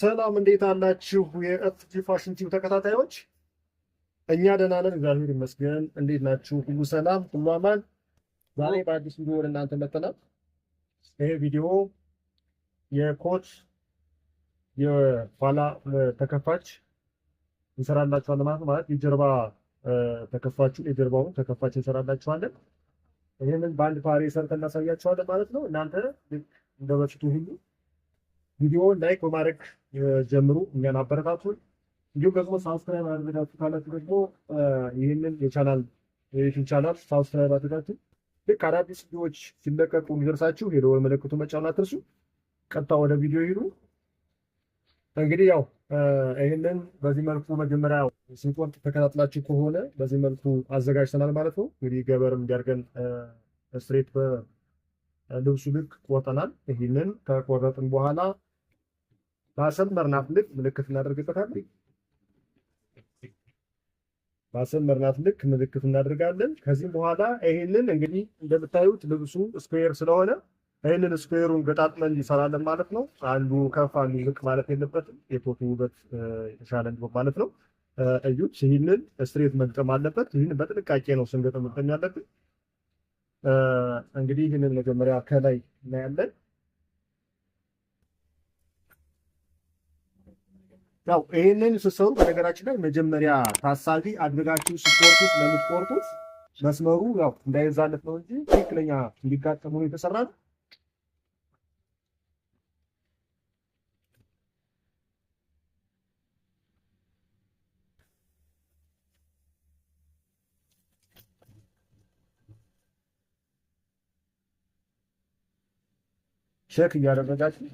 ሰላም እንዴት አላችሁ? የኤፍጂ ፋሽን ቲቪ ተከታታዮች፣ እኛ ደህና ነን እግዚአብሔር ይመስገን። እንዴት ናችሁ? ሁሉ ሰላም፣ ሁሉ አማን። ዛሬ በአዲስ ቪዲዮ ወደ እናንተ መጥተናል። ይሄ ቪዲዮ የኮት የኋላ ተከፋች እንሰራላችኋለን ማለት ማለት የጀርባ ተከፋችን የጀርባውን ተከፋች እንሰራላችኋለን። ይህንን በአንድ ፓሬ ሰርተን እናሳያችኋለን ማለት ነው። እናንተ ልክ እንደበፊቱ ሁሉ ቪዲዮውን ላይክ በማድረግ ጀምሩ፣ እኛን አበረታቱን። እንዲሁም ደግሞ ሳብስክራይብ አድርጋችሁ ካላችሁ ደግሞ ይህንን የቻናል የዩቲዩብ ቻናል ሳብስክራይብ አድርጋችሁ ልክ አዳዲስ ቪዲዮዎች ሲለቀቁ የሚደርሳችሁ የደወል ምልክቱን መጫን አትርሱ። ቀጥታ ወደ ቪዲዮ ይሉ። እንግዲህ ያው ይህንን በዚህ መልኩ መጀመሪያ ስንቆርጥ ተከታትላችሁ ከሆነ በዚህ መልኩ አዘጋጅተናል ማለት ነው። እንግዲህ ገበር እንዲያርገን ስትሬት በልብሱ ልክ ቆርጠናል። ይህንን ከቆረጥን በኋላ ባሰመርናት ልክ ምልክት እናደርግበታለን። ባሰመርናት ልክ ምልክት እናደርጋለን። ከዚህም በኋላ ይሄንን እንግዲህ እንደምታዩት ልብሱ ስኩዌር ስለሆነ ይህንን ስኩዌሩን ገጣጥመን እንሰራለን ማለት ነው። አንዱ ከፍ አንዱ ዝቅ ማለት የለበትም። የፎቶ ውበት የተሻለ እንዲሆን ማለት ነው። እዩት፣ ይህንን ስትሬት መግጠም አለበት። ይህን በጥንቃቄ ነው ስንገጥም ያለብን። እንግዲህ ይህንን መጀመሪያ ከላይ እናያለን። ያው ይህንን ስትሰሩ በነገራችን ላይ መጀመሪያ ታሳቢ አድርጋችሁ ስትቆርጡት ለምትቆርጡት መስመሩ ያው እንዳይዛለት ነው እንጂ ትክክለኛ እንዲጋጠሙ ነው የተሰራ ነው። ቼክ እያደረጋችሁ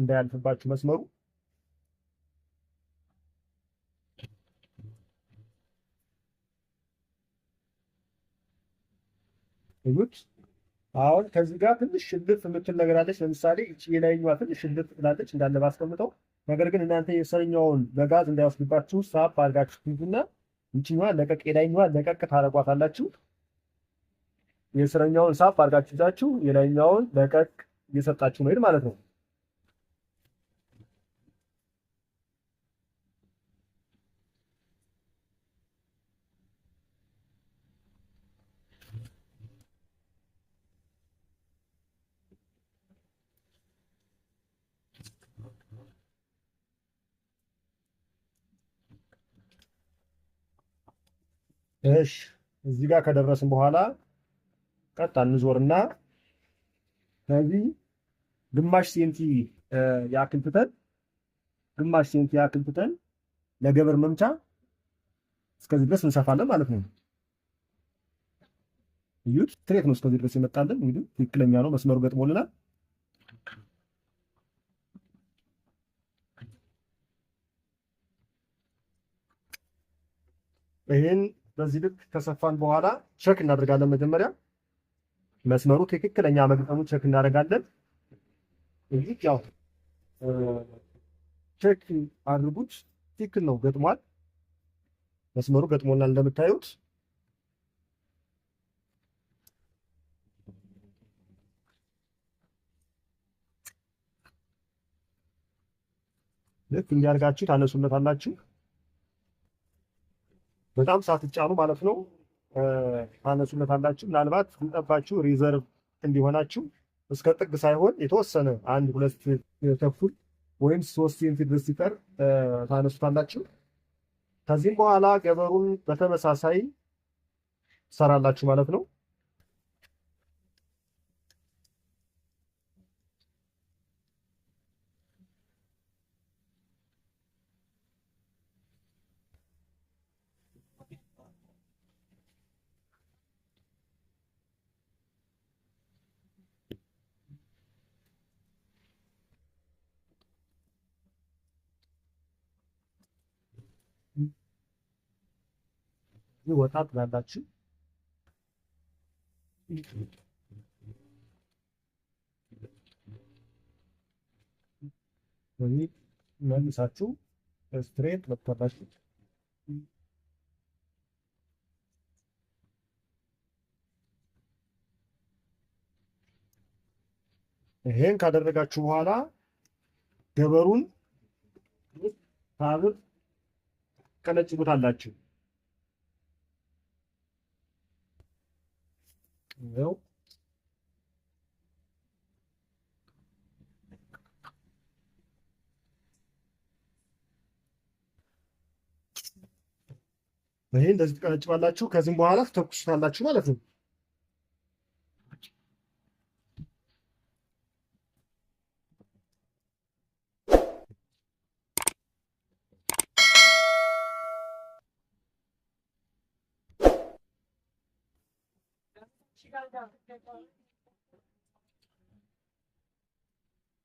እንዳያልፍባችሁ መስመሩ እዩት። አሁን ከዚህ ጋር ትንሽ ሽልፍ የምትል ነገር አለች። ለምሳሌ እቺ የላይኛ ትንሽ ሽልፍ ትላለች እንዳለ ባስቀምጠው። ነገር ግን እናንተ የሰኛውን በጋዝ እንዳይወስድባችሁ ሳብ አድርጋችሁ ትይዙና ይችኛዋ ለቀቅ የላይኛዋ ለቀቅ ታረጓታላችሁ። የስረኛውን ሳፕ አድርጋችሁ ይዛችሁ የላይኛውን ለቀቅ እየሰጣችሁ መሄድ ማለት ነው። እሺ እዚህ ጋር ከደረስን በኋላ ቀጥታ እንዞርና ከዚህ ግማሽ ሴንቲ ያክል ትተን ግማሽ ሴንቲ ያክል ትተን ለገበር መምቻ እስከዚህ ድረስ እንሰፋለን ማለት ነው። እዩት፣ ትሬት ነው እስከዚህ ድረስ የመጣልን። እንግዲህ ትክክለኛ ነው፣ መስመሩ ገጥሞልናል። ይህን በዚህ ልክ ከሰፋን በኋላ ቸክ እናደርጋለን። መጀመሪያ መስመሩ ትክክለኛ መግጠሙ ቸክ እናደርጋለን። እዚህ ያው ቸክ አድርጉት። ትክክል ነው፣ ገጥሟል። መስመሩ ገጥሞናል እንደምታዩት ልክ እንዲያርጋችሁ ታነሱነት አላችሁ። በጣም ሳትጫኑ ማለት ነው ማነሱነት አላችሁ። ምናልባት ስንጠባችሁ ሪዘርቭ እንዲሆናችሁ እስከ ጥግ ሳይሆን የተወሰነ አንድ ሁለት ተኩል ወይም ሶስት ሴንቲ ድረስ ሲቀር ታነሱታላችሁ። ከዚህም በኋላ ገበሩን በተመሳሳይ ትሰራላችሁ ማለት ነው። ይወጣ ትላላችሁ። ወይ መልሳችሁ ስትሬት መጥቷላችሁ። ይሄን ካደረጋችሁ በኋላ ገበሩን ታብር ከነጭ ቦታ አላችሁ። wil. ይህ እንደዚህ ትቀነጭባላችሁ። ከዚህም በኋላ ትተኩሱታላችሁ ማለት ነው።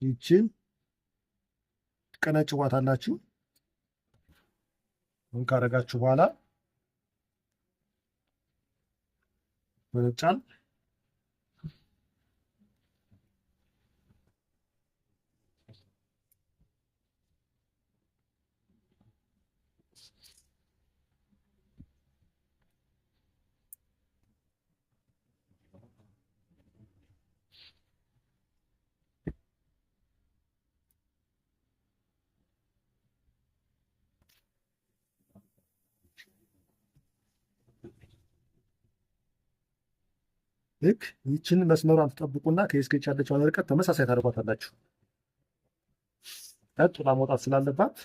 ይችን ቀነጭቧታላችሁ። ምን ካረጋችሁ በኋላ መነጫል ልክ ይችን መስመሯን ትጠብቁና ከስኬች ያለችውን ርቀት ተመሳሳይ ታደርጓታላችሁ። ቀጥ መውጣት ስላለባት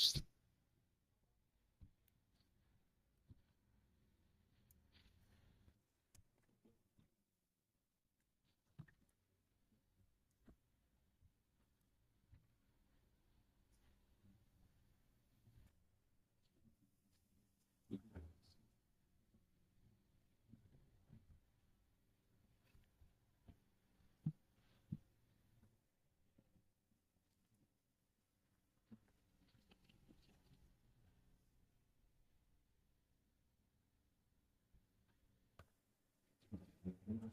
Thank Amen.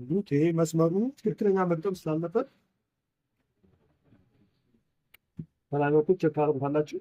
እንግዲህ ይሄ መስመሩ ትክክለኛ መቅጠም ስላለበት ሰላማችሁ ቼክ ታደርጉታላችሁ።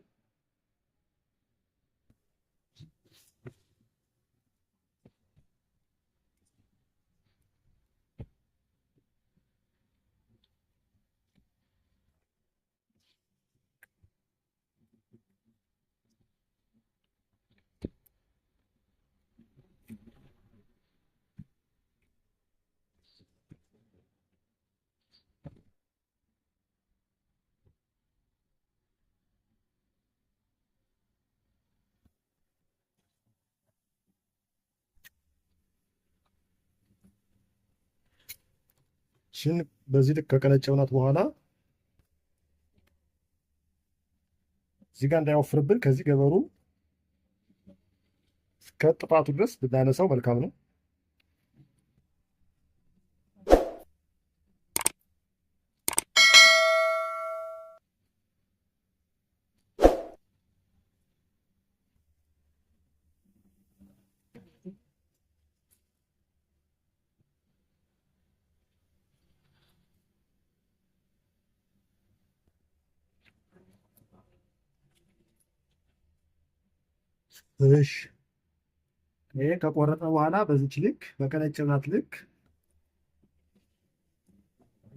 ይችን በዚህ ልክ ከቀነጨብናት በኋላ እዚህ ጋር እንዳይወፍርብን ከዚህ ገበሩ እስከ ጥፋቱ ድረስ ብናነሳው መልካም ነው። እሺ ይሄ ከቆረጠ በኋላ በዚች ልክ በቀነጭ ልክ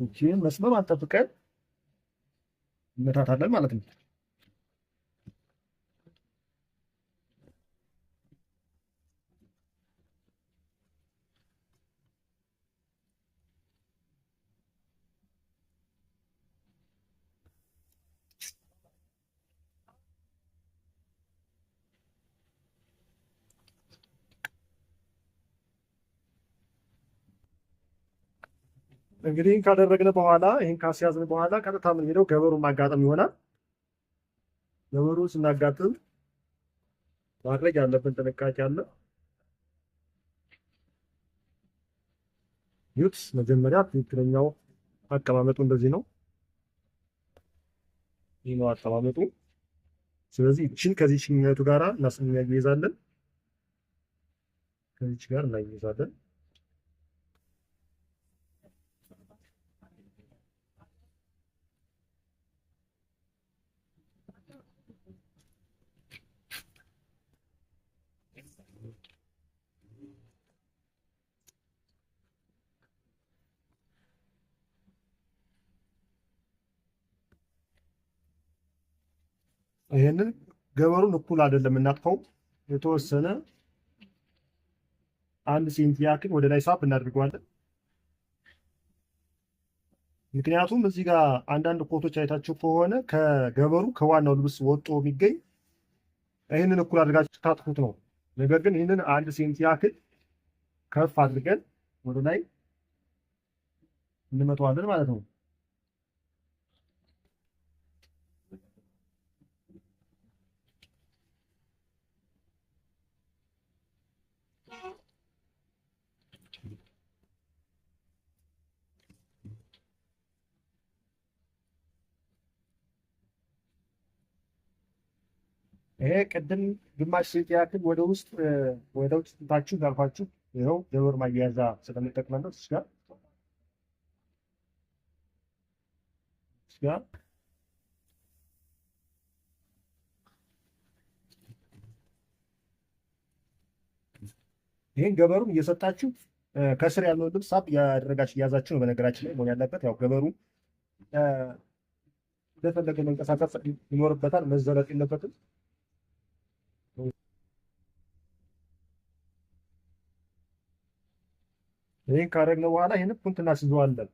እቺ መስመር አንጠብቀን እንመታታለን ማለት ነው። እንግዲህ ይህን ካደረግን በኋላ ይህን ካስያዝን በኋላ ቀጥታ ምን ሄደው ገበሩን ማጋጠም ይሆናል። ገበሩ ስናጋጥም ማድረግ ያለብን ጥንቃቄ አለ። ዩትስ መጀመሪያ ትክክለኛው አቀማመጡ እንደዚህ ነው። ይህ ነው አቀማመጡ። ስለዚህ እችን ከዚህ ሽኝነቱ ጋር እናስያይዛለን፣ ከዚች ጋር እናያይዛለን። ይህንን ገበሩን እኩል አይደለም እናጥፈው። የተወሰነ አንድ ሴንቲ ያክል ወደ ላይ ሳብ እናደርገዋለን። ምክንያቱም እዚህ ጋር አንዳንድ ኮቶች አይታችሁ ከሆነ ከገበሩ ከዋናው ልብስ ወጦ የሚገኝ ይህንን እኩል አድርጋችሁ ታጥፉት ነው። ነገር ግን ይህንን አንድ ሴንቲ ያክል ከፍ አድርገን ወደ ላይ እንመተዋለን ማለት ነው። ይሄ ቅድም ግማሽ ሴት ያክል ወደ ውስጥ ወደ ውጭ ጥንታችሁ ጋልፋችሁ ይኸው ደወር ማያያዣ ስለምጠቅመለው ነው። እስጋ እስ ይህን ገበሩን እየሰጣችሁ ከስር ያለውን ልብስ ሳብ ያደረጋችሁ እያዛችሁ ነው። በነገራችን ላይ መሆን ያለበት ያው ገበሩ እንደፈለገ መንቀሳቀስ ይኖርበታል፣ መዘረጥ የለበትም። ይህን ካደረግነው በኋላ ይህን ፑንት እናስይዘዋለን።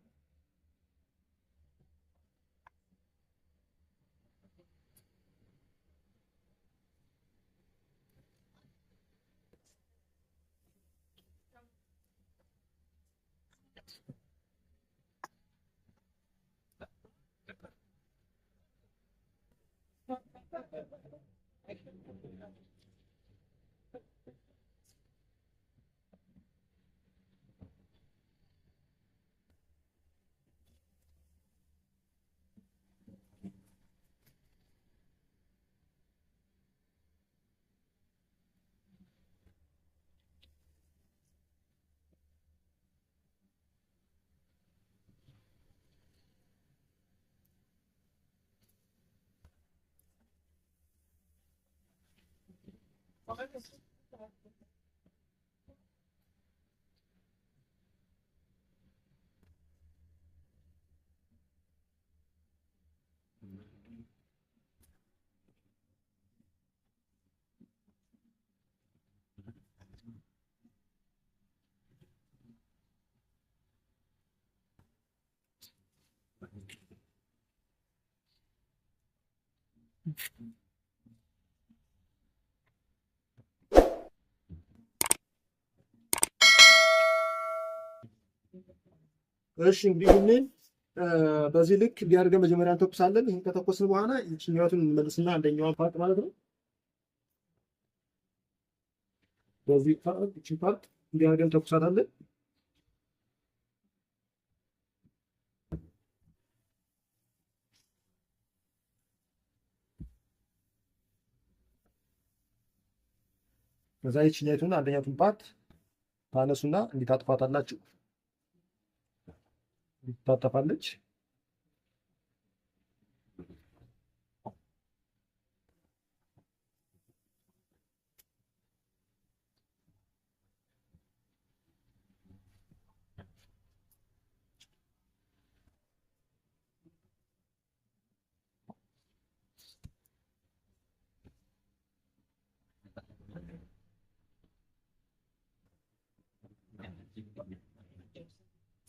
Mm-hmm. እሺ እንግዲህ ይህንን በዚህ ልክ እንዲያደርገ መጀመሪያ እንተኩሳለን። ይህን ከተኮስን በኋላ ችኛቱን እንመልስና አንደኛዋን ፓርት ማለት ነው በዚህ ፓርት ይችን ፓርት እንዲያደርገ እንተኩሳታለን። ከዛ ይችኛቱን አንደኛቱን ፓርት ታነሱና እንዲታጥፋታላችሁ ታጠፋለች።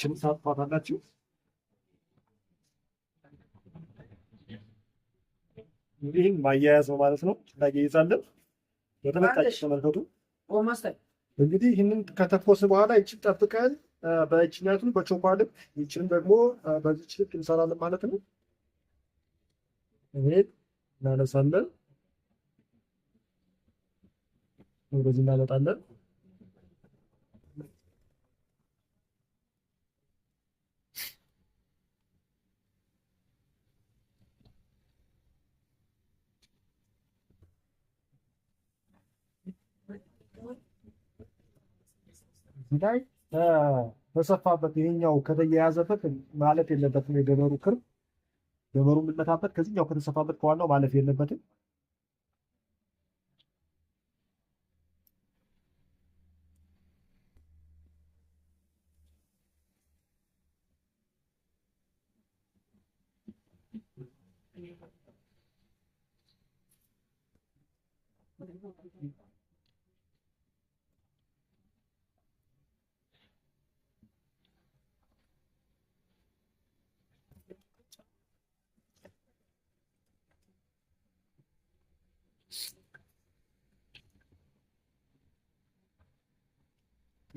ሽምሳ ትፋታላችሁ። ይህም ማያያዝ ነው ማለት ነው። ይዛለን በተመጣጭ ተመልከቱ። እንግዲህ ይህንን ከተኮስ በኋላ ይችን ጠብቀን በእጅኛቱን በቾኳ ልክ ይችን ደግሞ በዚች ልክ እንሰራለን ማለት ነው። ይሄን እናነሳለን፣ እንደዚህ እናመጣለን። ላይ በሰፋበት ይሄኛው ከተያያዘበት ማለፍ የለበትም። የገበሩ ክር ገበሩ የምንመታበት ከዚህኛው ከተሰፋበት ከዋናው ማለፍ የለበትም።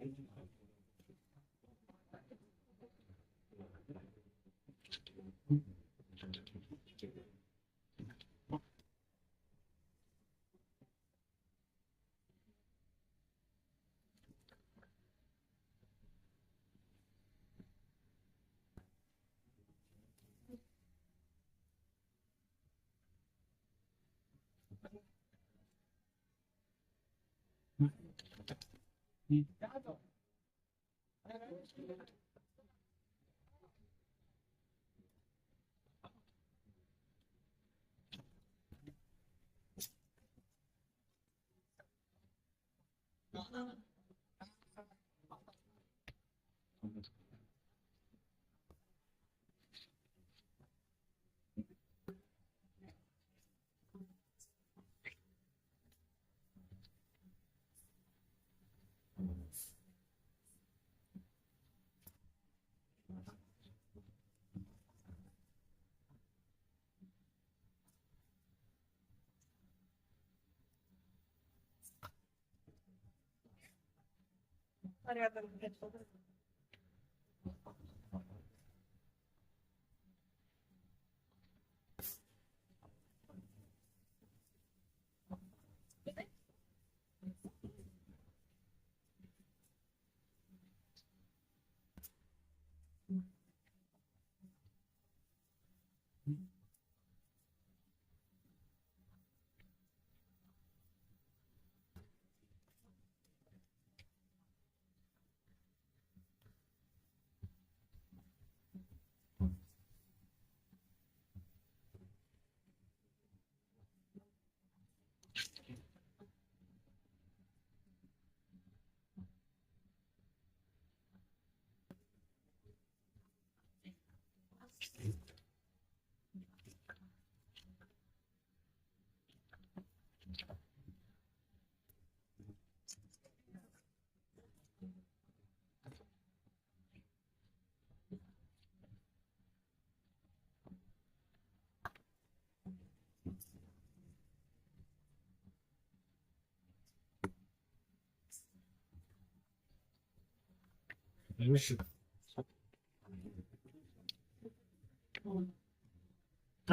Thank you. 嗯，然后。走。Hani adam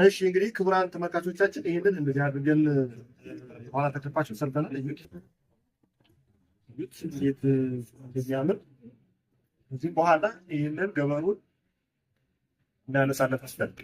እሺ እንግዲህ ክቡራን ተመልካቾቻችን ይህንን እንደዚህ አድርገን ኋላ ተከፋች ሰርተናል። እንዴት እንደሚያምር እዚህ በኋላ ይህንን ገበሩን እናነሳለን። አስፈልግ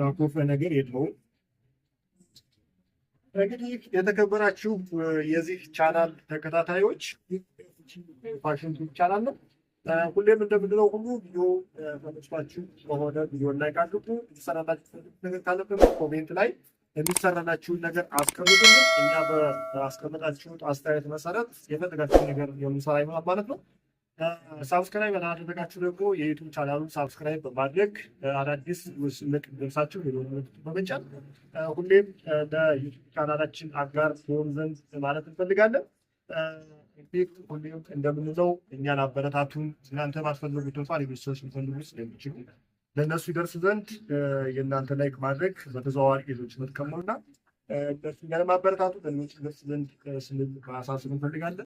ያኮፈ ነገር የለውም። እንግዲህ የተከበራችሁ የዚህ ቻናል ተከታታዮች ፋሽን ቱብ ቻናል ነው። ሁሌም እንደምንለው ሁሉ ቪዲዮ ተመችቷችሁ ከሆነ ቪዲዮ ላይ ካድርጉ የተሰራላችሁ ነገር ካለበት ኮሜንት ላይ የሚሰራላችሁን ነገር አስቀምጡልን። እኛ በአስቀምጣችሁት አስተያየት መሰረት የፈለጋችሁን ነገር የምንሰራ ይሆናል ማለት ነው። ሳብስክራይብ ያላደረጋችሁ ደግሞ የዩቱብ ቻናሉን ሳብስክራይብ በማድረግ አዳዲስ ምስልቅ ደርሳችሁ ሄዶት በመጫን ሁሌም ለዩቱብ ቻናላችን አጋር ሆን ዘንድ ማለት እንፈልጋለን። እንግዲህ ሁሌም እንደምንለው እኛን አበረታቱን። እናንተ ባትፈልጉት እንኳን ሌሎች ሰዎች ሊፈልጉ ስለሚችሉ ለእነሱ ይደርስ ዘንድ የእናንተ ላይክ ማድረግ በተዘዋዋሪ ሌሎች መጥቀሙና እነሱን ለማበረታቱ ለሌሎች ይደርስ ዘንድ ስንል ማሳሰብ እንፈልጋለን።